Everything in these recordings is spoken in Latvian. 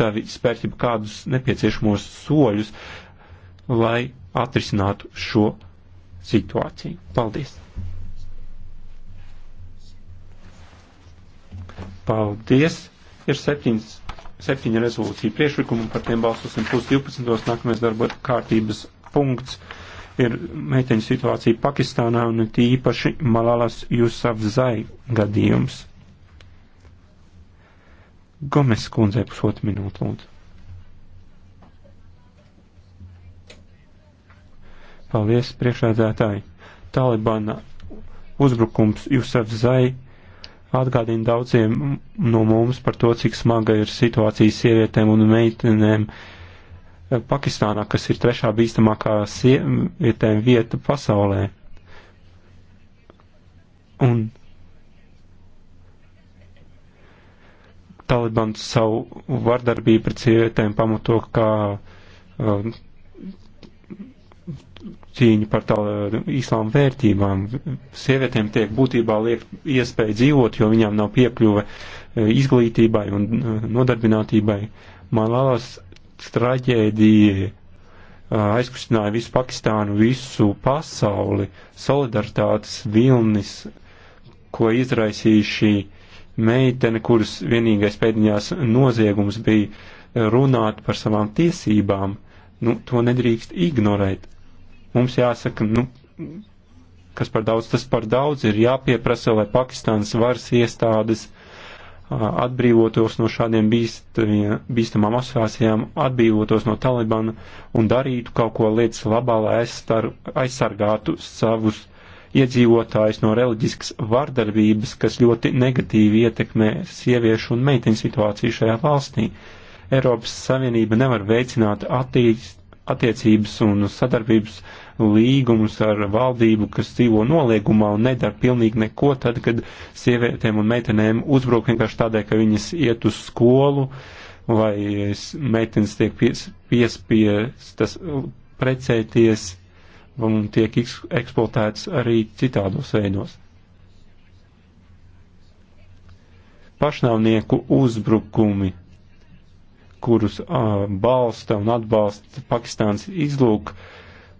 gatavi spērt jau kādus nepieciešamos soļus, lai atrisinātu šo situāciju. Paldies! Paldies! Ir septiņas, septiņa rezolūcija priešlikuma, par tiem balsosim plus 12. Nākamais darba kārtības punkts ir meiteņu situācija Pakistānā un tīpaši Malalas Jusafzai gadījums. Gomes kundzei pusotru minūtu lūdzu. Paldies, priekšēdētāji. Talibana uzbrukums Jusef Zai atgādina daudziem no mums par to, cik smaga ir situācija sievietēm un meitenēm Pakistānā, kas ir trešā bīstamākā sievietēm vieta pasaulē. Un Talibans savu vardarbību pret sievietēm pamato kā um, cīņu par tā, islām vērtībām. Sievietēm tiek būtībā liek iespēja dzīvot, jo viņām nav piekļuve e, izglītībai un e, nodarbinātībai. Malālas traģēdija e, aizkustināja visu Pakistānu, visu pasauli, solidaritātes vilnis, ko izraisīja šī uh, meitene, kuras vienīgais pēdiņās noziegums bija eh, runāt par savām tiesībām, nu, to nedrīkst ignorēt. Mums jāsaka, nu, kas par daudz, tas par daudz ir jāpieprasa, lai Pakistānas varas iestādes atbrīvotos no šādiem bīstamām asociācijām, atbrīvotos no Talibana un darītu kaut ko lietas labā, lai aizsargātu savus iedzīvotājus no reliģiskas vardarbības, kas ļoti negatīvi ietekmē sieviešu un meiteņu situāciju šajā valstī. Eiropas Savienība nevar veicināt attīst, attiecības un sadarbības līgumus ar valdību, kas dzīvo noliegumā un nedara pilnīgi neko tad, kad sievietēm un meitenēm uzbruk vienkārši tādēļ, ka viņas iet uz skolu vai meitenes tiek pies, piespiestas precēties un tiek eksploatēts arī citādos veidos. Pašnāvnieku uzbrukumi, kurus uh, balsta un atbalsta Pakistāns izlūk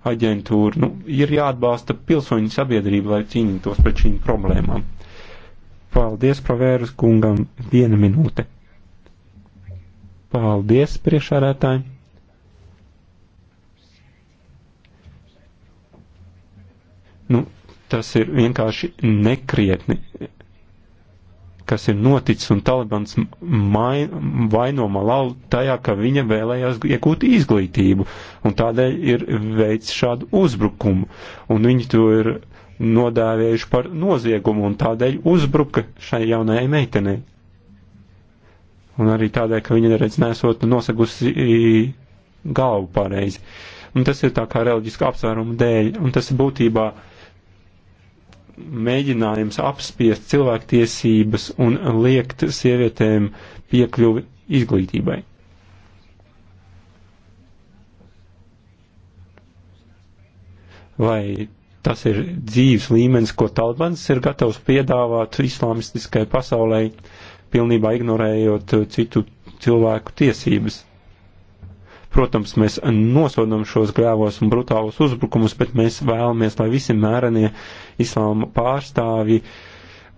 aģentūra, nu, ir jāatbalsta pilsoņu sabiedrība, lai cīnītos pret šīm problēmām. Paldies, Provēras kungam, viena minūte. Paldies, priekšārētāji! Nu, tas ir vienkārši nekrietni, kas ir noticis, un Talibans mai, vaino Malalu tajā, ka viņa vēlējās iegūt izglītību, un tādēļ ir veids šādu uzbrukumu, un viņi to ir nodēvējuši par noziegumu, un tādēļ uzbruka šai jaunajai meitenei. Un arī tādēļ, ka viņa neredz nesot nosegusi galvu pareizi. Un tas ir tā kā reliģiska apsvēruma dēļ, un tas ir būtībā uh, mēģinājums apspiest cilvēktiesības un liekt sievietēm piekļuvi izglītībai. Vai tas ir dzīves līmenis, ko Talibans ir gatavs piedāvāt islamistiskai pasaulē, pilnībā ignorējot citu cilvēku tiesības? Protams, mēs nosodam šos grēvos un brutālus uzbrukumus, bet mēs vēlamies, lai visi mērenie islāma pārstāvji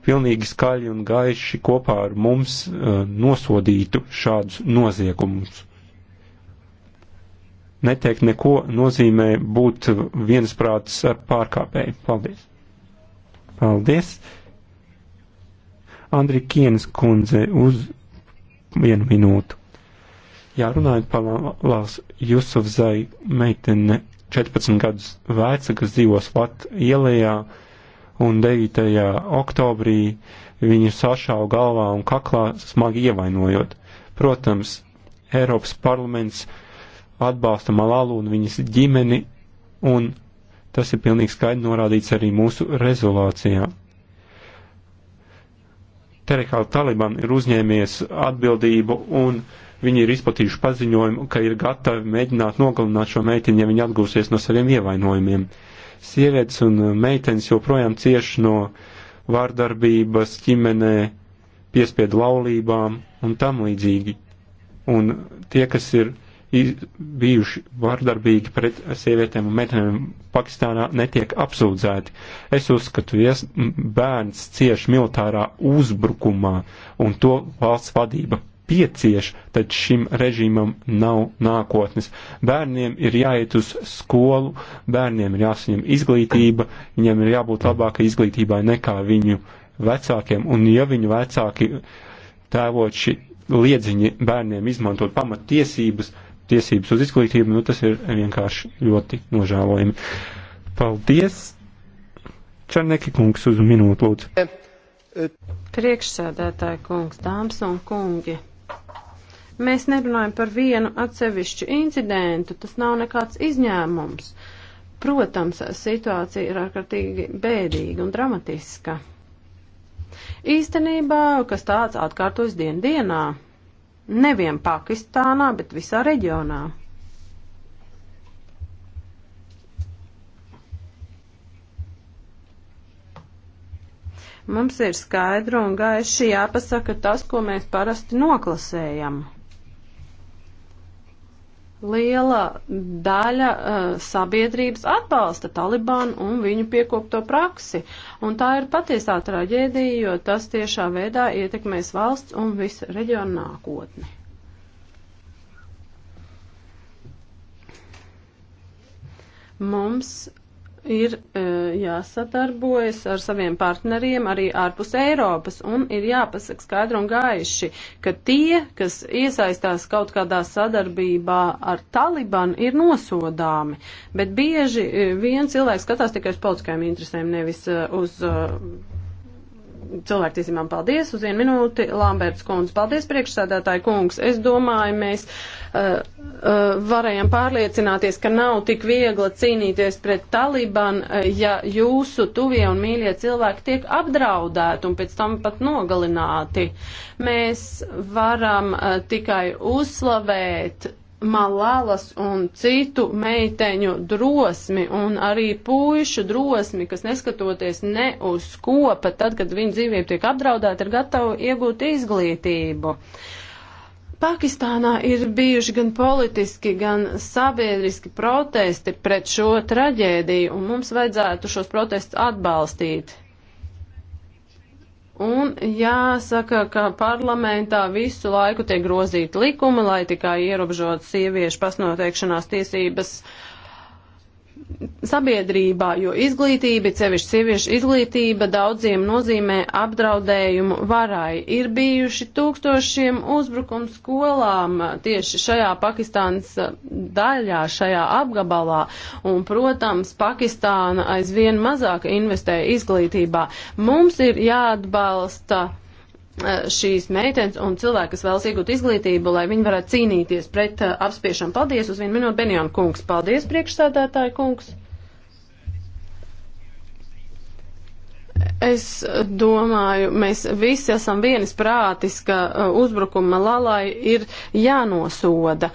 pilnīgi skaļi un gaiši kopā ar mums eh, nosodītu šādus noziegumus. Neteikt neko nozīmē būt viensprāts ar pārkāpēju. Paldies! Paldies! Andri Kienas kundze uz vienu minūtu. Jā, runājot par Lās Jusufzai meitene 14 gadus veca, kas dzīvo Svat ielējā, un 9. oktobrī viņu sašāva galvā un kaklā smagi ievainojot. Protams, Eiropas parlaments atbalsta Malālu un viņas ģimeni, un tas ir pilnīgi skaidri norādīts arī mūsu rezolācijā. Terekāla Taliban ir uzņēmies atbildību un uh, Viņi ir izplatījuši paziņojumu, ka ir gatavi mēģināt nogalināt šo meiteni, ja viņa atgūsies no saviem ievainojumiem. Sievietes un uh, meitenes joprojām cieši no vārdarbības, ģimenē, piespiedu laulībām un tam līdzīgi. Un tie, kas ir bijuši vardarbīgi pret sievietēm un meitenēm Pakistānā, netiek apsūdzēti. Es uzskatu, ja bērns cieši militārā uzbrukumā un to valsts vadība piecieš, tad šim režīmam nav nākotnes. Bērniem ir jāiet uz skolu, bērniem ir jāsaņem izglītība, viņiem ir jābūt labākai izglītībai nekā viņu vecākiem, un ja viņu vecāki tēvoči liedziņi bērniem izmantot pamatiesības, tiesības uz izglītību, nu tas ir vienkārši ļoti nožēlojami. Paldies! Černeki kungs uz minūtu lūdzu. Priekšsēdētāji kungs, dāmas un kungi. Mēs nerunājam par vienu atsevišķu incidentu, tas nav nekāds izņēmums. Protams, situācija ir ārkārtīgi bēdīga un dramatiska. Īstenībā, kas tāds atkārtojas dien dienā, nevien Pakistānā, bet visā reģionā. Mums ir skaidri un gaiši jāpasaka tas, ko mēs parasti noklasējam. Liela daļa uh, sabiedrības atbalsta Talibanu un viņu piekopto praksi, un tā ir patiesā traģēdija, jo tas tiešā veidā ietekmēs valsts un visu reģionu nākotni. Mums ir e, jāsadarbojas ar saviem partneriem arī ārpus Eiropas un ir jāpasaka skaidri un gaiši, ka tie, kas iesaistās kaut kādā sadarbībā ar Talibanu, ir nosodāmi. Bet bieži e, vien cilvēks skatās tikai uz politiskajām interesēm, nevis e, uz cilvēktiesībām paldies. Uz vienu minūti Lamberts kundze. Paldies, priekšsādātāji kungs. Es domāju, mēs uh, uh, varējām pārliecināties, ka nav tik viegli cīnīties pret Taliban, uh, ja jūsu tuvie un mīļie cilvēki tiek apdraudēti un pēc tam pat nogalināti. Mēs varam uh, tikai uzslavēt Malālas un citu meiteņu drosmi un arī puišu drosmi, kas neskatoties ne uz ko, pat tad, kad viņu dzīvība tiek apdraudēta, ir gatavi iegūt izglītību. Pakistānā ir bijuši gan politiski, gan sabiedriski protesti pret šo traģēdiju, un mums vajadzētu šos protestus atbalstīt. Un jāsaka, ka parlamentā visu laiku tiek grozīti likumi, lai tikai ierobežot sieviešu pasnoteikšanās tiesības uh, sabiedrībā, jo izglītība, cevišķi sieviešu izglītība, daudziem nozīmē apdraudējumu varai. Ir bijuši tūkstošiem uzbrukumu skolām tieši šajā Pakistānas daļā, šajā apgabalā, un, protams, Pakistāna aizvien mazāk investē izglītībā. Mums ir jāatbalsta Eh, šīs meitenes un cilvēki, kas vēlas iegūt izglītību, lai viņi varētu cīnīties pret eh, apspiešanu. Paldies uz vienu minūtu, Benjona kungs. Paldies, priekšsēdētāji kungs. Es domāju, mēs visi esam vienis prātis, ka uh, uzbrukuma lalai ir jānosoda.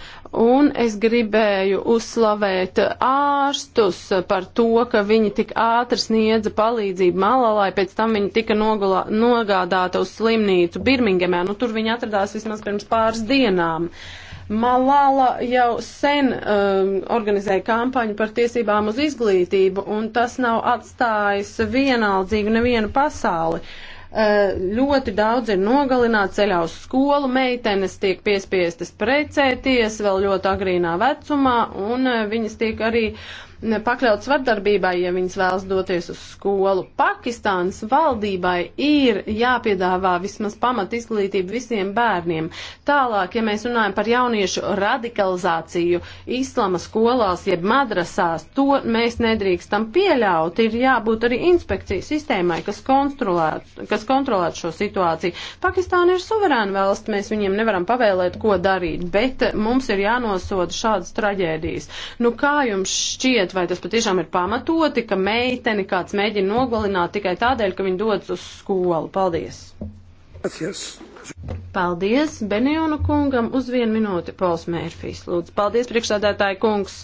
Un es gribēju uzslavēt ārstus par to, ka viņi tik ātri sniedza palīdzību malalai, pēc tam viņi tika nogulā, nogādāta uz slimnīcu Birmingemē. Nu, tur viņi atradās vismaz pirms pāris dienām. Uh, Malala jau sen um, organizēja kampaņu par tiesībām uz izglītību, un tas nav atstājis vienaldzīgu nevienu pasauli. Uh, ļoti daudz ir nogalināti ceļā uz skolu, meitenes tiek piespiestas precēties vēl ļoti agrīnā vecumā, un uh, viņas tiek arī pakļautas vardarbībai, ja viņas vēlas doties uz skolu. Pakistānas valdībai ir jāpiedāvā vismaz pamat izglītību visiem bērniem. Tālāk, ja mēs runājam par jauniešu radikalizāciju islama skolās, jeb madrasās, to mēs nedrīkstam pieļaut. Ir jābūt arī inspekcijas sistēmai, kas kontrolētu kas kontrolēt šo situāciju. Pakistāna ir suverēna valsts, mēs viņiem nevaram pavēlēt, ko darīt, bet mums ir jānosoda šādas traģēdijas. Nu, kā jums šķiet? bet vai tas patiešām ir pamatoti, ka meiteni kāds mēģina nogalināt tikai tādēļ, ka viņa dodas uz skolu? Paldies! Paldies. Paldies Benjona kungam uz vienu minūti Pols Mērfijs. Lūdzu, paldies priekšsādātāji kungs.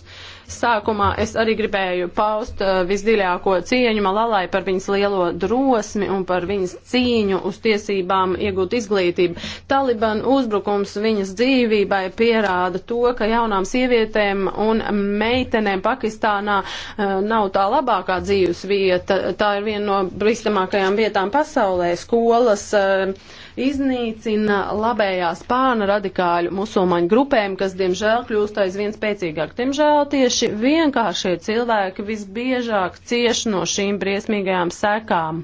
Sākumā es arī gribēju paust uh, visdziļāko cieņu Malalai par viņas lielo drosmi un par viņas cīņu uz tiesībām iegūt izglītību. Taliban uzbrukums viņas dzīvībai pierāda to, ka jaunām sievietēm un meitenēm Pakistānā uh, nav tā labākā dzīves vieta. Tā ir viena no bristamākajām vietām pasaulē. Skolas uh, iznīcina palielina labējās pāna radikāļu musulmaņu grupēm, kas, diemžēl, kļūst aizvien spēcīgāk. Diemžēl tieši vienkāršie cilvēki visbiežāk cieš no šīm briesmīgajām sekām.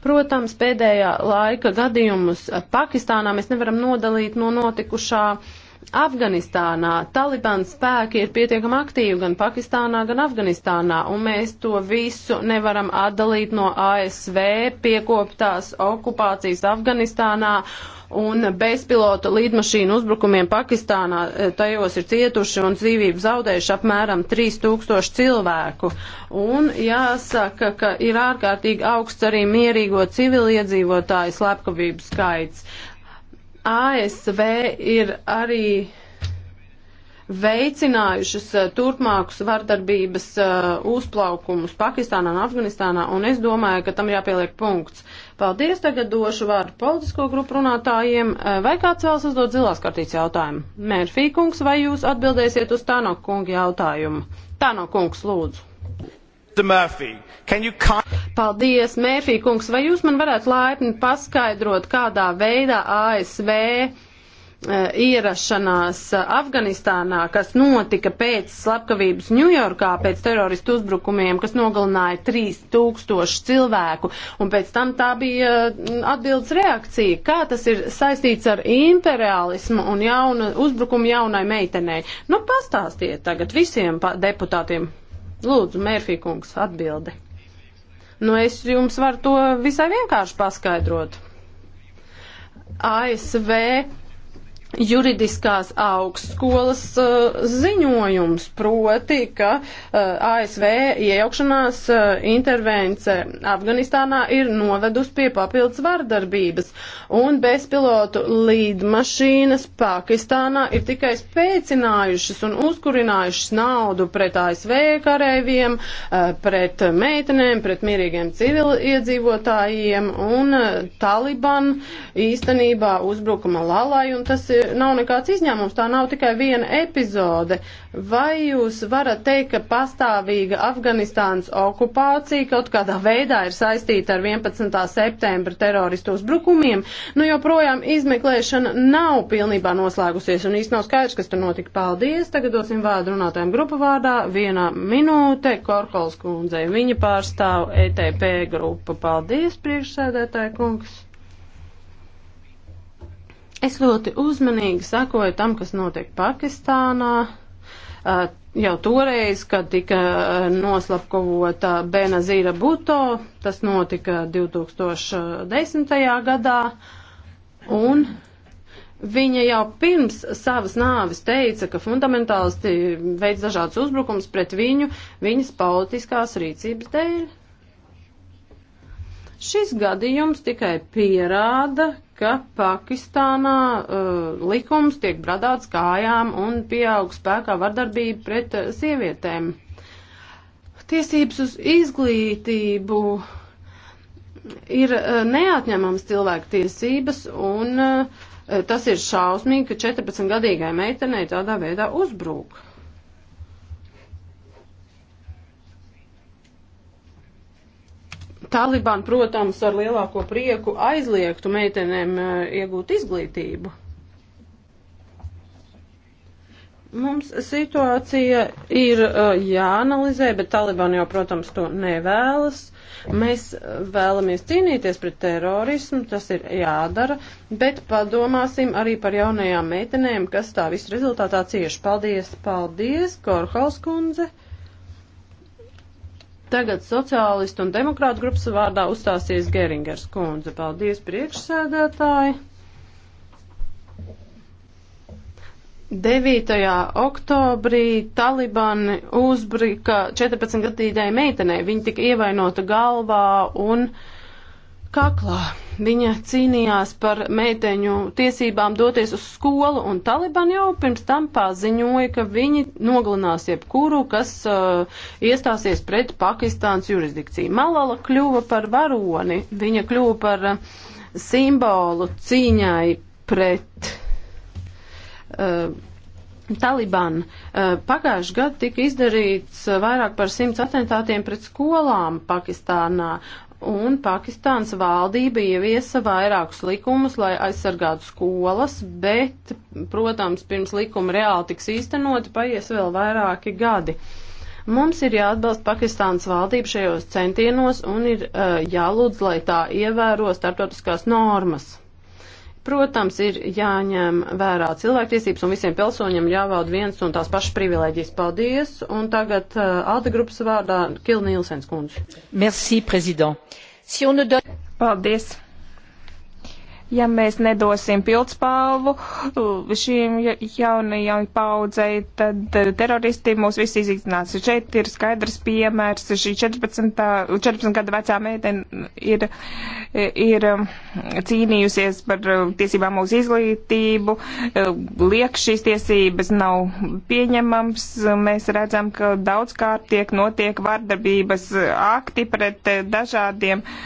Protams, pēdējā laika gadījumus Pakistānā mēs nevaram nodalīt no notikušā uh, Afganistānā Taliban spēki ir pietiekami aktīvi gan Pakistānā, gan Afganistānā, un mēs to visu nevaram atdalīt no ASV piekoptās okupācijas Afganistānā un bezpilota līdmašīnu uzbrukumiem Pakistānā. E, tajos ir cietuši un dzīvību zaudējuši apmēram 3000 cilvēku. Un jāsaka, ka ir ārkārtīgi augsts arī mierīgo civiliedzīvotāju slepkavību skaits. ASV ir arī veicinājušas eh, turpmākus vardarbības eh, uzplaukumus Pakistānā un Afganistānā, un es domāju, ka tam jāpieliek punkts. Paldies, tagad došu vārdu politisko grupu runātājiem. Eh, vai kāds vēlas uzdot zilās kartītes jautājumu? Mērfī kungs, vai jūs atbildēsiet uz Tāno kunga jautājumu? Tāno kungs, lūdzu. Paldies, Mērfī kungs. Vai jūs man varētu laipni paskaidrot, kādā veidā ASV e, ierašanās Afganistānā, kas notika pēc slepkavības Ņujorkā, pēc teroristu uzbrukumiem, kas nogalināja 3000 cilvēku, un pēc tam tā bija e, atbildes reakcija. Kā tas ir saistīts ar imperialismu un jaunu, uzbrukumu jaunai meitenei? Nu, pastāstiet tagad visiem deputātiem. Lūdzu, Mērfī kungs, atbildi. Nu, es jums varu to visai vienkārši paskaidrot. ASV juridiskās augstskolas uh, ziņojums, proti, ka uh, ASV iejaukšanās uh, intervence Afganistānā ir novedus pie papildus vardarbības, un bezpilotu līdmašīnas Pakistānā ir tikai spēcinājušas un uzkurinājušas naudu pret ASV karēviem, uh, pret meitenēm, pret mierīgiem civiliedzīvotājiem, un uh, Taliban īstenībā uzbrukuma lalai, un tas ir nav nekāds izņēmums, tā nav tikai viena epizode. Vai jūs varat teikt, ka pastāvīga Afganistānas okupācija kaut kādā veidā ir saistīta ar 11. septembra teroristu uzbrukumiem? Nu, joprojām izmeklēšana nav pilnībā noslēgusies un īsti nav skaidrs, kas tur notika. Paldies! Tagad dosim vārdu runātājiem grupu vārdā. Vienā minūte Korkols kundzei. Viņa pārstāv ETP grupu. Paldies, priekšsēdētāji kungs! Es ļoti uzmanīgi sakoju tam, kas notiek Pakistānā. Jau toreiz, kad tika noslapkavota Benazīra Buto, tas notika 2010. gadā, un Viņa jau pirms savas nāves teica, ka fundamentālisti veids dažādas uzbrukums pret viņu viņas politiskās rīcības dēļ. Šis gadījums tikai pierāda, ka Pakistānā uh, likums tiek bradāts kājām un pieaug spēkā vardarbība pret uh, sievietēm. Tiesības uz izglītību ir uh, neatņemams cilvēktiesības un uh, tas ir šausmīgi, ka 14-gadīgai meitenei tādā veidā uzbrūk. Taliban, protams, ar lielāko prieku aizliegtu meitenēm eh, iegūt izglītību. Mums situācija ir eh, jāanalizē, bet Taliban jau, protams, to nevēlas. Mēs eh, vēlamies cīnīties pret terorismu, tas ir jādara, bet padomāsim arī par jaunajām meitenēm, kas tā visu rezultātā cieši. Paldies, paldies, Korhaus kundze! Tagad sociālistu un demokrātu grupas vārdā uzstāsies Geringers kundze. Paldies priekšsēdētāji. 9. oktobrī Talibani uzbruka 14 gadīgai meitenei. Viņa tika ievainota galvā un kaklā. Viņa cīnījās par meiteņu tiesībām doties uz skolu, un Taliban jau pirms tam paziņoja, ka viņi nogalinās jebkuru, kas uh, iestāsies pret Pakistāns jurisdikciju. Malala kļuva par varoni, viņa kļuva par uh, simbolu cīņai pret. Uh, Taliban. Uh, pagājuši gadu tika izdarīts uh, vairāk par simts atentātiem pret skolām Pakistānā, un Pakistānas valdība ieviesa vairākus likumus, lai aizsargātu skolas, bet, protams, pirms likuma reāli tiks īstenoti, paies vēl vairāki gadi. Mums ir jāatbalsta Pakistānas valdība šajos centienos un ir uh, jālūdz, lai tā ievēro starptautiskās normas. Protams, ir jāņem vērā cilvēktiesības un visiem pilsoņiem jāvalda viens un tās pašas privilēģijas. Paldies! Un tagad uh, Alda grupas vārdā Kilnīlsens kundze. Merci, prezident! Si don... Paldies! ja mēs nedosim pildspalvu uh, šīm jaunajām paudzei, tad uh, teroristi mūs visi iziktinās. Šeit ir skaidrs piemērs, šī 14, 14 gada vecā meitene ir, ir um, cīnījusies par uh, tiesībām uz izglītību, liek šīs tiesības nav pieņemams. Mēs redzam, ka daudzkārt tiek notiek vardarbības akti pret dažādiem uh,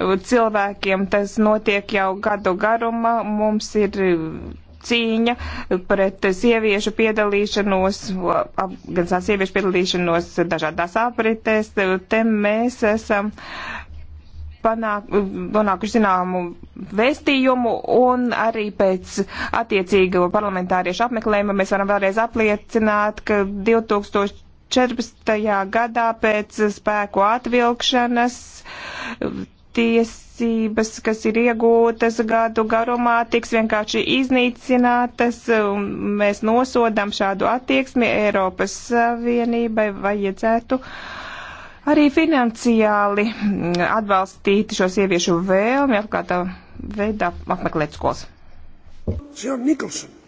cilvēkiem. Tas notiek jau gadu garumā. Mums ir cīņa pret sieviešu piedalīšanos, gan sieviešu piedalīšanos dažādās apritēs. Te mēs esam panāk, panākuši zināmu vēstījumu, un arī pēc attiecīgo parlamentāriešu apmeklējuma mēs varam vēlreiz apliecināt, ka 2014. gadā pēc spēku atvilkšanas tiesības, kas ir iegūtas gadu garumā, tiks vienkārši iznīcinātas. Mēs nosodām šādu attieksmi Eiropas Savienībai vajadzētu. Arī finansiāli atbalstīt šo sieviešu vēlmi atklātā veidā apmeklēt skolas. Sir Nicholson.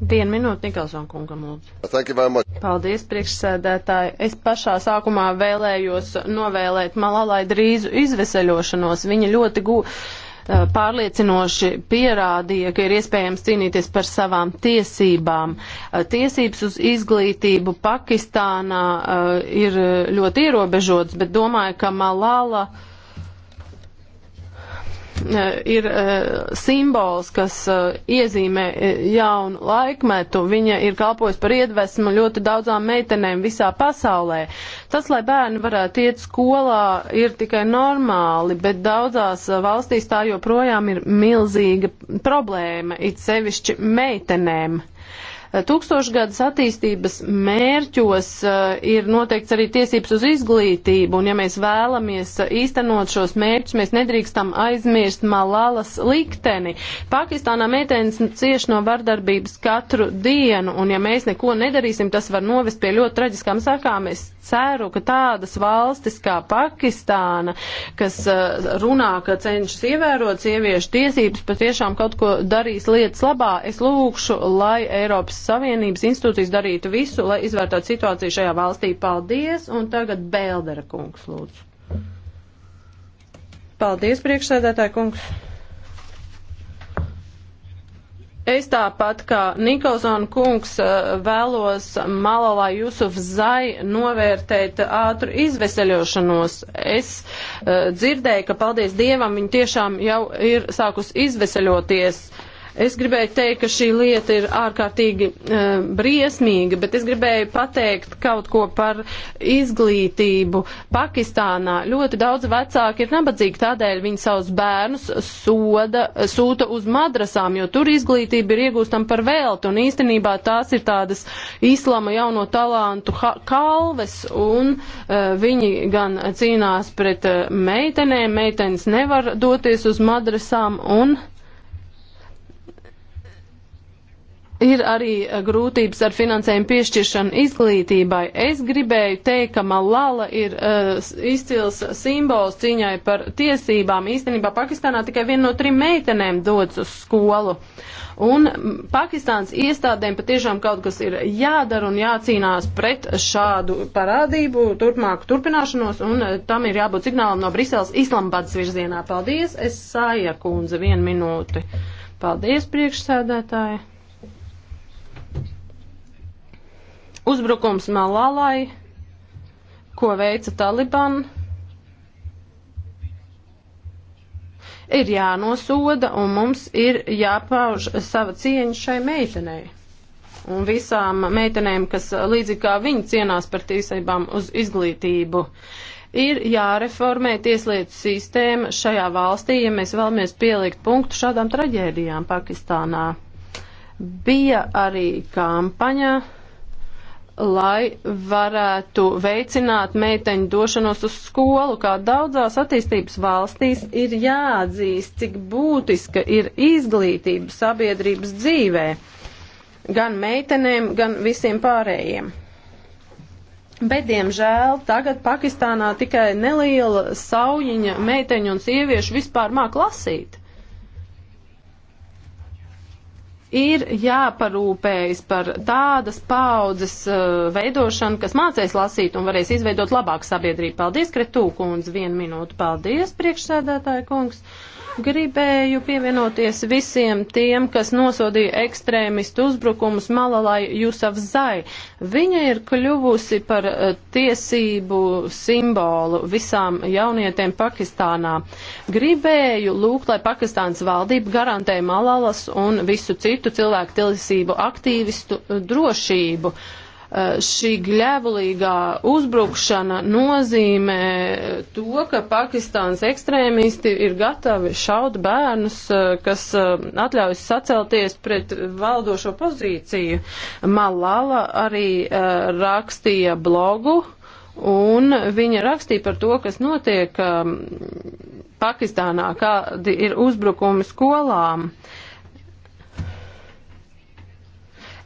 Vienu minūti Nikolson kungam lūdzu. Paldies, priekšsēdētāji. Es pašā sākumā vēlējos novēlēt Malalai drīzu izveseļošanos. Viņa ļoti gu, pārliecinoši pierādīja, ka ir iespējams cīnīties par savām tiesībām. Tiesības uz izglītību Pakistānā ir ļoti ierobežotas, bet domāju, ka Malala. Eh, ir eh, simbols, kas eh, iezīmē jaunu laikmetu. Viņa ir kalpojis par iedvesmu ļoti daudzām meitenēm visā pasaulē. Tas, lai bērni varētu iet skolā, ir tikai normāli, bet daudzās valstīs tā joprojām ir milzīga problēma, it sevišķi meitenēm. Tūkstošgadas attīstības mērķos eh, ir noteikts arī tiesības uz izglītību, un ja mēs vēlamies eh, īstenot šos mērķus, mēs nedrīkstam aizmirst Malalas likteni. Pakistānā meitenes cieši no vardarbības katru dienu, un ja mēs neko nedarīsim, tas var novest pie ļoti traģiskām sakām. Es ceru, ka tādas valstis kā Pakistāna, kas eh, runā, ka cenšas ievērot sieviešu tiesības, patiešām kaut ko darīs lietas labā. Es lūkšu, lai Eiropas Savienības institūcijas darītu visu, lai izvērtātu situāciju šajā valstī. Paldies, un tagad Bēldera kungs lūdzu. Paldies, priekšsēdētāja kungs. Es tāpat kā Nikolson kungs eh, vēlos Malalā Jusuf Zai novērtēt ātru izveseļošanos. Es uh, dzirdēju, ka paldies Dievam viņa tiešām jau ir sākus izveseļoties. Uh, Es gribēju teikt, ka šī lieta ir ārkārtīgi uh, briesmīga, bet es gribēju pateikt kaut ko par izglītību. Pakistānā ļoti daudz vecāki ir nabadzīgi, tādēļ viņi savus bērnus soda, sūta uz madrasām, jo tur izglītība ir iegūstama par velti, un īstenībā tās ir tādas islama jauno talantu kalves, un uh, viņi gan cīnās pret uh, meitenēm, meitenes nevar doties uz madrasām, un Ir arī eh, grūtības ar finansējumu piešķiršanu izglītībai. Es gribēju teikt, ka Malala ir uh, izcils simbols cīņai par tiesībām. Īstenībā Pakistānā tikai viena no trim meitenēm dodas uz skolu. Un Pakistāns iestādēm patiešām kaut kas ir jādara un jācīnās pret šādu parādību, turpmāku turpināšanos, un uh, tam ir jābūt signālam no Briseles Islambadas virzienā. Paldies, es Sāja kundze, vienu minūti. Paldies, priekšsēdētāji! Uzbrukums Malalai, ko veica Taliban, ir jānosoda un mums ir jāpauž sava cieņa šai meitenei. Un visām meitenēm, kas līdzīgi kā viņi cienās par tiesībām uz izglītību, ir jāreformē tieslietu sistēma šajā valstī, ja mēs vēlamies pielikt punktu šādām traģēdijām Pakistānā. Bija arī kampaņa lai varētu veicināt meiteņu došanos uz skolu, kā daudzās attīstības valstīs ir jāatzīst, cik būtiska ir izglītība sabiedrības dzīvē, gan meitenēm, gan visiem pārējiem. Bet, diemžēl, tagad Pakistānā tikai neliela saujiņa meiteņu un sieviešu vispār māk lasīt. ir jāparūpējas par tādas paudzes uh, veidošanu, kas mācēs lasīt un varēs izveidot labāku sabiedrību. Paldies, Kretū kundze, vienu minūtu. Paldies, priekšsēdētāja kungs. Uh, Gribēju pievienoties visiem tiem, kas nosodīja ekstrēmistu uzbrukumus Malalai Jusafzai. Viņa ir kļuvusi par eh, tiesību simbolu visām jaunietēm Pakistānā. Gribēju lūgt, lai Pakistāns valdība garantē Malalas un visu citu cilvēku tiesību aktīvistu eh, drošību. Uh, Eh, šī gļēvulīgā uzbrukšana nozīmē to, ka Pakistāns ekstrēmisti ir gatavi šaut bērnus, eh, kas eh, atļaujas sacelties pret valdošo pozīciju. Malala arī rakstīja blogu. Un viņa rakstīja par to, kas notiek um, Pakistānā, kādi ir uzbrukumi skolām. Uh,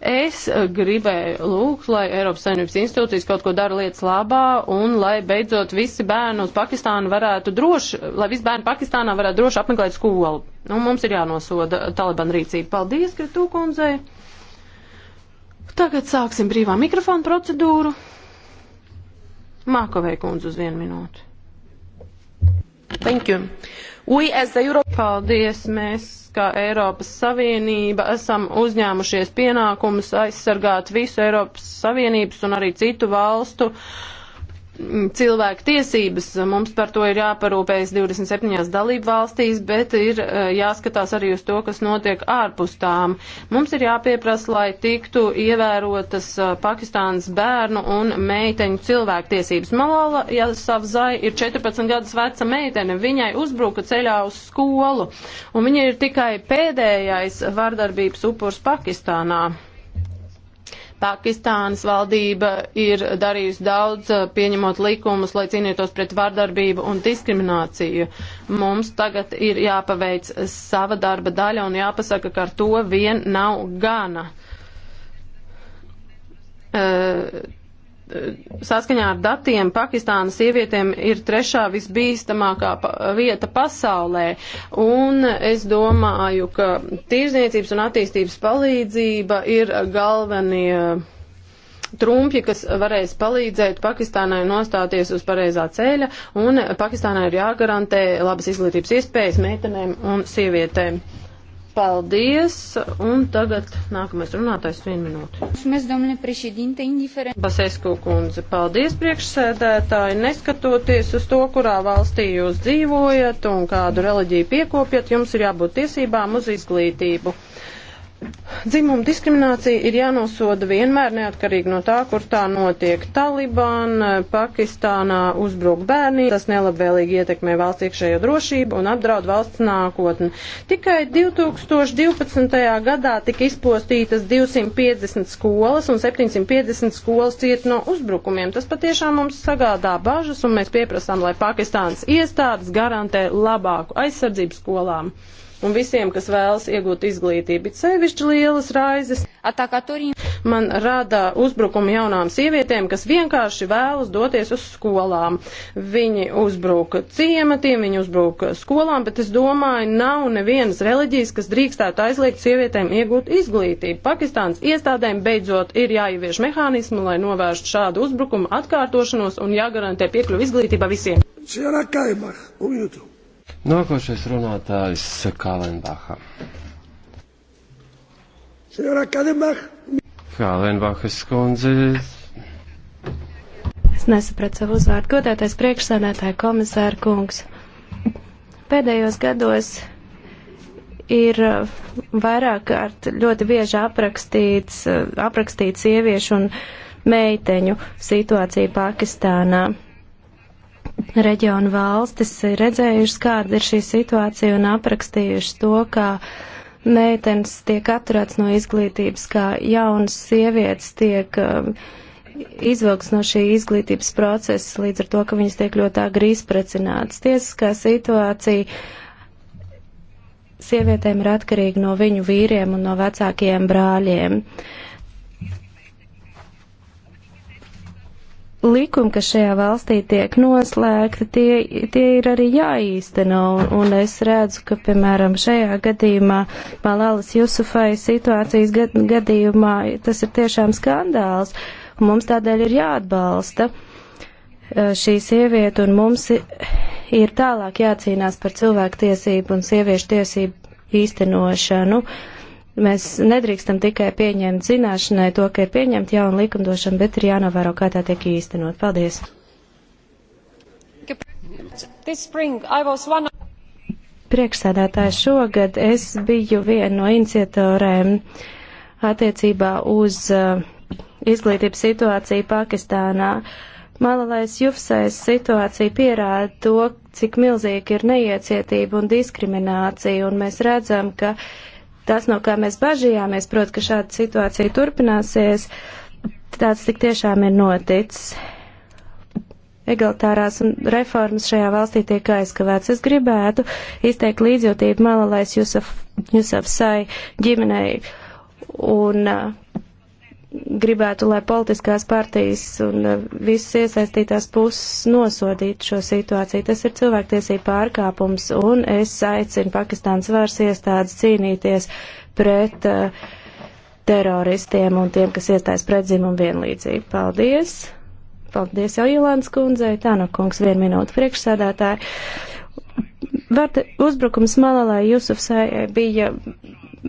Es gribēju lūgt, lai Eiropas Savienības institūcijas kaut ko dara lietas labā un lai beidzot visi bērni uz Pakistānu varētu droši, lai visi bērni Pakistānā varētu droši apmeklēt skolu. Un nu, mums ir jānosoda Taliban rīcība. Paldies, Kritūkundzei! Tagad sāksim brīvā mikrofona procedūru. Mākovei kundze uz vienu minūtu. Thank you. We as the Europe... Paldies, mēs kā Eiropas Savienība esam uzņēmušies pienākumus aizsargāt visu Eiropas Savienības un arī citu valstu uh, Mm, cilvēku tiesības. Mums par to ir jāparūpējas 27 dalību valstīs, bet ir e, jāskatās arī uz to, kas notiek ārpus tām. Mums ir jāpieprasa, lai tiktu ievērotas e, Pakistānas bērnu un meiteņu cilvēku tiesības. Malala Jasavzai ir 14 gadus veca meitene. Viņai uzbruka ceļā uz skolu, un viņa ir tikai pēdējais vardarbības upurs Pakistānā. Pakistānas valdība ir darījusi daudz, eh, pieņemot likumus, lai cīnītos pret vardarbību un diskrimināciju. Mums tagad ir jāpaveic sava darba daļa un jāpasaka, ka ar to vien nav gana. Uh, saskaņā ar datiem Pakistānas sievietēm ir trešā visbīstamākā vieta pasaulē. Un es domāju, ka tirzniecības un attīstības palīdzība ir galvenie trumpi, kas varēs palīdzēt Pakistānai nostāties uz pareizā ceļa, un Pakistānai ir jāgarantē labas izglītības iespējas meitenēm un sievietēm. Paldies, un tagad nākamais runātājs vienu minūti. Basesku kundze, paldies priekšsēdētāji, neskatoties uz to, kurā valstī jūs dzīvojat un kādu reliģiju piekopjat, jums ir jābūt tiesībām uz izglītību. Dzimuma diskriminācija ir jānosoda vienmēr neatkarīgi no tā, kur tā notiek. Taliban Pakistānā uzbruk bērni, tas nelabvēlīgi ietekmē valsts iekšējo drošību un apdraud valsts nākotni. Tikai 2012. gadā tika izpostītas 250 skolas un 750 skolas ciet no uzbrukumiem. Tas patiešām mums sagādā bažas un mēs pieprasām, lai Pakistānas iestādes garantē labāku aizsardzību skolām un visiem, kas vēlas iegūt izglītību, bet sevišķi lielas raizes. Man rada uzbrukumi jaunām sievietēm, kas vienkārši vēlas doties uz skolām. Viņi uzbruka ciematiem, viņi uzbruka skolām, bet es domāju, nav nevienas reliģijas, kas drīkstētu aizliegt sievietēm iegūt izglītību. Pakistāns iestādēm beidzot ir jāievieš mehānismi, lai novērstu šādu uzbrukumu atkārtošanos un jāgarantē piekļuvi izglītība visiem. Senhora Kaimar, um minuto. Nākošais runātājs Kalenbacha. Senora Kalenbacha. Kalenbachas kundze. Es nesapratu savu uzvārdu. Godātais priekšsēdētāja komisāra kungs. Pēdējos gados ir uh, vairāk kārt ļoti bieži aprakstīts, uh, aprakstīts sieviešu un meiteņu situācija Pakistānā reģionu valstis ir redzējušas, kāda ir šī situācija un aprakstījušas to, kā meitenes tiek atturēts no izglītības, kā jaunas sievietes tiek um, izvilks no šī izglītības procesa līdz ar to, ka viņas tiek ļoti agri izprecinātas. Tiesiskā situācija sievietēm ir atkarīga no viņu vīriem un no vecākajiem brāļiem. Uh, likumi, kas šajā valstī tiek noslēgti, tie, tie ir arī jāīsteno. Un es redzu, ka, piemēram, šajā gadījumā, Malālas Jusufai situācijas gad, gadījumā, tas ir tiešām skandāls. Un mums tādēļ ir jāatbalsta eh, šī sievieta, un mums ir tālāk jācīnās par cilvēku tiesību un sieviešu tiesību īstenošanu. Uh, Mēs nedrīkstam tikai pieņemt zināšanai to, ka ir pieņemta jauna likumdošana, bet ir jānovēro, kā tā tiek īstenot. Paldies! One... Priekšsēdētāji šogad es biju viena no iniciatorēm attiecībā uz uh, izglītības situāciju Pakistānā. Malalais Jufsais situācija pierāda to, cik milzīgi ir neiecietība un diskriminācija, un mēs redzam, ka tas, no kā mēs bažījāmies, proti, ka šāda situācija turpināsies, tāds tik tiešām ir noticis. Egalitārās reformas šajā valstī tiek aizkavēts. Es gribētu izteikt līdzjūtību Malalais Jusaf, Jusaf Sai ģimenei un uh, gribētu, lai politiskās partijas un uh, visas iesaistītās puses nosodītu šo situāciju. Tas ir cilvēktiesība pārkāpums, un es aicinu Pakistānas varas iestādes cīnīties pret uh, teroristiem un tiem, kas iestājas pret dzimumu vienlīdzību. Paldies! Paldies jau Ilāns kundzei, tā no nu, kungs vienu minūtu priekšsēdētāji. Vārta uzbrukums Malalai Jusufsai bija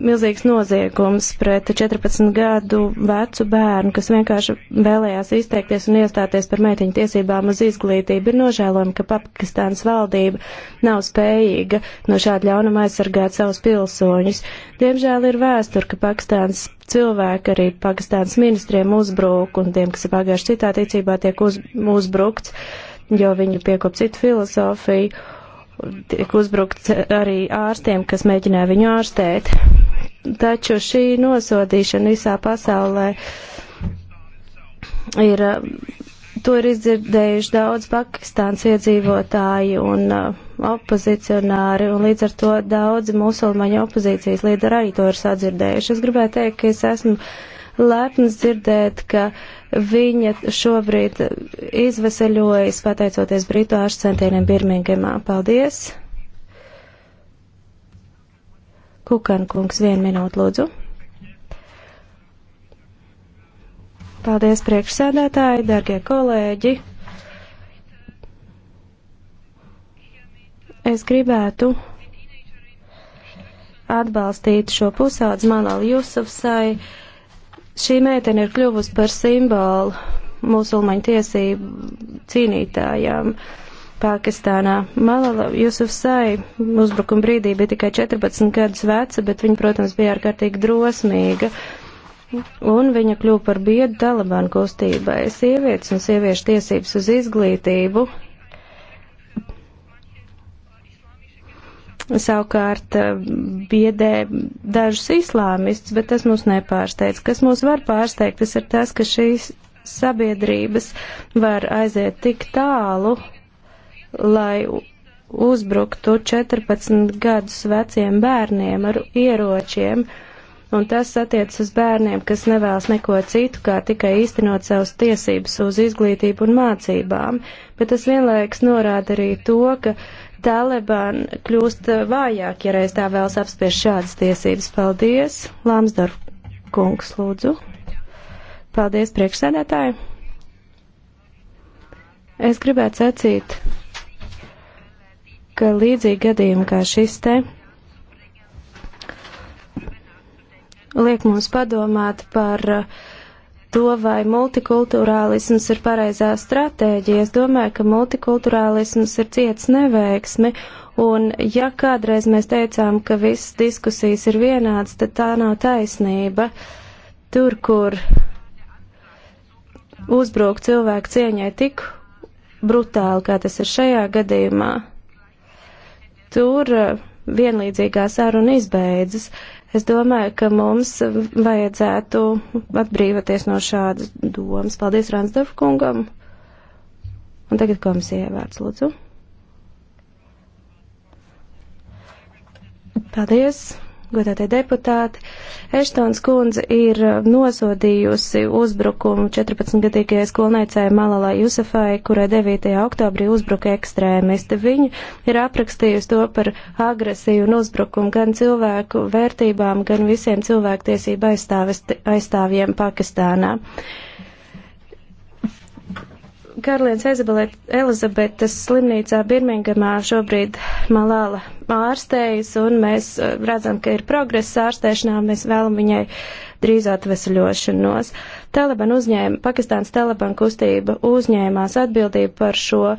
milzīgs noziegums pret 14 gadu vecu bērnu, kas vienkārši vēlējās izteikties un iestāties par meitiņu tiesībām uz izglītību. Ir nožēlojami, ka Pakistānas valdība nav spējīga no šāda ļaunuma aizsargāt savus pilsoņus. Diemžēl ir vēstur, ka Pakistānas cilvēki arī Pakistānas ministriem uzbruk un tiem, kas ir pagājuši citā ticībā, tiek uz, uzbrukts, jo viņi piekop citu filozofiju tiek uzbrukts arī ārstiem, kas mēģināja viņu ārstēt. Taču šī nosodīšana visā pasaulē ir, to ir izdzirdējuši daudz Pakistāns iedzīvotāji un uh, opozicionāri, un līdz ar to daudzi musulmaņu opozīcijas līderi arī to ir sadzirdējuši. Es gribēju teikt, ka es esmu lepns dzirdēt, ka viņa šobrīd izveseļojas pateicoties Britu ārstu centieniem Birmingemā. Paldies! Kukankungs, vienu minūtu lūdzu. Paldies priekšsēdētāji, dargie kolēģi! Es gribētu atbalstīt šo pusaudzi Manali Jusufsai Šī meitene ir kļuvusi par simbolu musulmaņu tiesību cīnītājām Pakistānā. Malala Jusufsai uzbrukuma brīdī bija tikai 14 gadus veca, bet viņa, protams, bija ārkārtīgi drosmīga. Un viņa kļuva par biedu Talibanu kustībai. Sievietes un sieviešu tiesības uz izglītību Savukārt eh, biedē dažus islāmistus, bet tas mūs nepārsteidz. Kas mūs var pārsteigt, tas ir tas, ka šīs sabiedrības var aiziet tik tālu, lai uzbruktu 14 gadus veciem bērniem ar ieročiem, un tas attiecas uz bērniem, kas nevēlas neko citu, kā tikai īstenot savas tiesības uz izglītību un mācībām, bet tas vienlaiks norāda arī to, ka uh, Taliban kļūst eh, vājāk, ja reiz tā vēlas apspies šādas tiesības. Paldies, Lamsdorf kungs, lūdzu. Paldies, priekšsēdētāji. Es gribētu sacīt, ka līdzīgi gadījumi kā šis te liek mums padomāt par uh, to, vai multikulturālisms ir pareizā stratēģija. Es domāju, ka multikulturālisms ir ciets neveiksmi, un ja kādreiz mēs teicām, ka visas diskusijas ir vienādas, tad tā nav taisnība. Tur, kur uzbruk cilvēku cieņai tik brutāli, kā tas ir šajā gadījumā, tur uh, vienlīdzīgā saruna izbeidzas. Es domāju, ka mums vajadzētu atbrīvoties no šādas domas. Paldies Ransdorf kungam. Un tagad komisijai vārds, lūdzu. Paldies godātie deputāti, Eštons kundze ir nosodījusi uzbrukumu 14-gadīgajai skolniecēji Malalai Jusefai, kurai 9. oktobrī uzbruka ekstrēmisti. Viņa ir aprakstījusi to par agresiju un uzbrukumu gan cilvēku vērtībām, gan visiem cilvēktiesību aizstāvjiem Pakistānā. Karalienes Elizabetes slimnīcā Birmingamā šobrīd Malāla ārstējas, un mēs uh, redzam, ka ir progress ārstēšanā, mēs vēlam viņai drīz atvesaļošanos. Taliban uzņēma, Pakistāns Taliban kustība uzņēmās atbildību par šo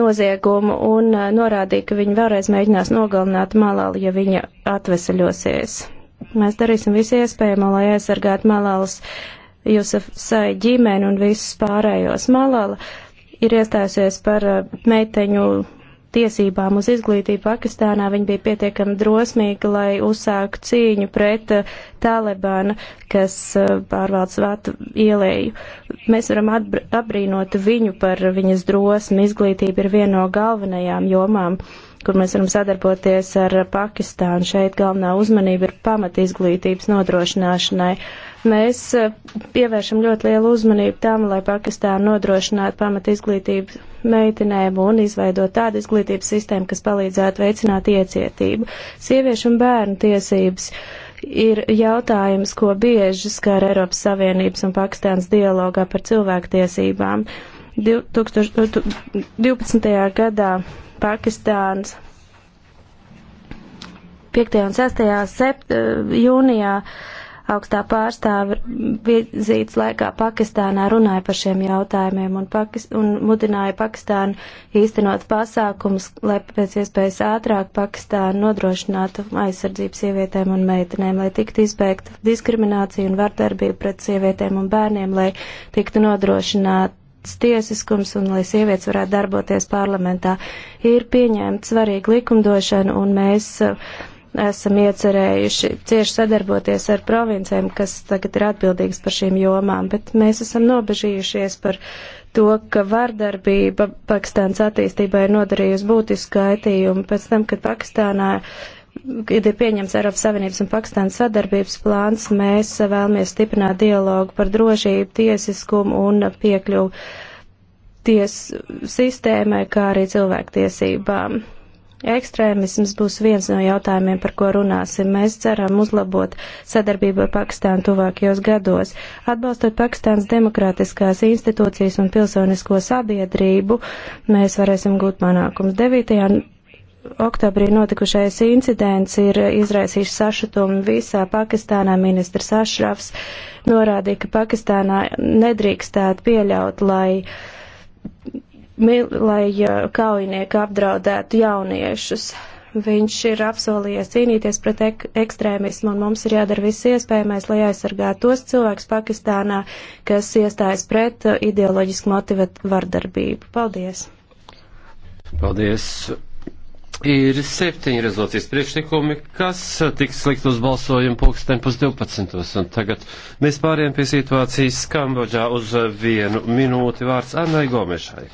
noziegumu un uh, norādīja, ka viņi vēlreiz mēģinās nogalināt Malālu, ja viņa atvesaļosies. Mēs darīsim visu iespējamo, lai aizsargātu Malālas Jusafsai ģimeni un visus pārējos. Malala ir iestājusies par eh, meiteņu tiesībām uz izglītību Pakistānā. Viņa bija pietiekami drosmīga, lai uzsāktu cīņu pret eh, Talibanu, kas eh, pārvalda svātu ielēju. Mēs varam apbrīnot viņu par viņas drosmi. Izglītība ir viena no galvenajām jomām. Uh, kur mēs varam sadarboties ar Pakistānu. Šeit galvenā uzmanība ir pamat izglītības nodrošināšanai. Mēs eh, pievēršam ļoti lielu uzmanību tam, lai Pakistāna nodrošinātu pamat izglītību meitenēm un izveidot tādu izglītības sistēmu, kas palīdzētu veicināt iecietību. Sieviešu un bērnu tiesības ir jautājums, ko bieži skar Eiropas Savienības un Pakistānas dialogā par cilvēktiesībām. 2012. gadā Pakistāns. 5. un 6. Sept, eh, jūnijā augstā pārstāve vizītes laikā Pakistānā runāja par šiem jautājumiem un, Pakis un mudināja Pakistānu īstenot pasākumus, lai pēc iespējas ātrāk Pakistānu nodrošinātu aizsardzību sievietēm un meitenēm, lai tiktu izbeigta diskriminācija un vardarbība pret sievietēm un bērniem, lai tiktu nodrošināt sievietes tiesiskums un lai sievietes varētu darboties parlamentā. Ir pieņemta svarīga likumdošana un mēs uh, esam iecerējuši cieši sadarboties ar provincēm, kas tagad ir atbildīgas par šīm jomām, bet mēs esam nobežījušies par to, ka vardarbība Pakistānas attīstībai ir nodarījusi būtisku skaitījumu pēc tam, kad Pakistānā kad ir pieņems Eiropas Savienības un Pakistānas sadarbības plāns, mēs vēlamies stiprināt dialogu par drošību, tiesiskumu un piekļuvu ties sistēmai, kā arī cilvēktiesībām. Ekstrēmisms būs viens no jautājumiem, par ko runāsim. Mēs ceram uzlabot sadarbību ar Pakistānu tuvākajos gados. Atbalstot Pakistānas demokrātiskās institūcijas un pilsonisko sabiedrību, mēs varēsim gūt panākums. 9 oktobrī notikušais incidents ir izraisījis sašutumu visā Pakistānā. Ministrs Ašrafs norādīja, ka Pakistānā nedrīkstētu pieļaut, lai, lai kaujinieki apdraudētu jauniešus. Viņš ir apsolījies cīnīties pret ek ekstrēmismu, un mums ir jādara viss iespējamais, lai aizsargātu tos cilvēkus Pakistānā, kas iestājas pret uh, ideoloģiski motivētu vardarbību. Paldies! Paldies! Ir septiņi rezolūcijas priekšlikumi, kas tiks likt uz balsojumu pulksten pus 12. Un tagad mēs pāriem pie situācijas Kambodžā uz vienu minūti vārds Annai Gomešai.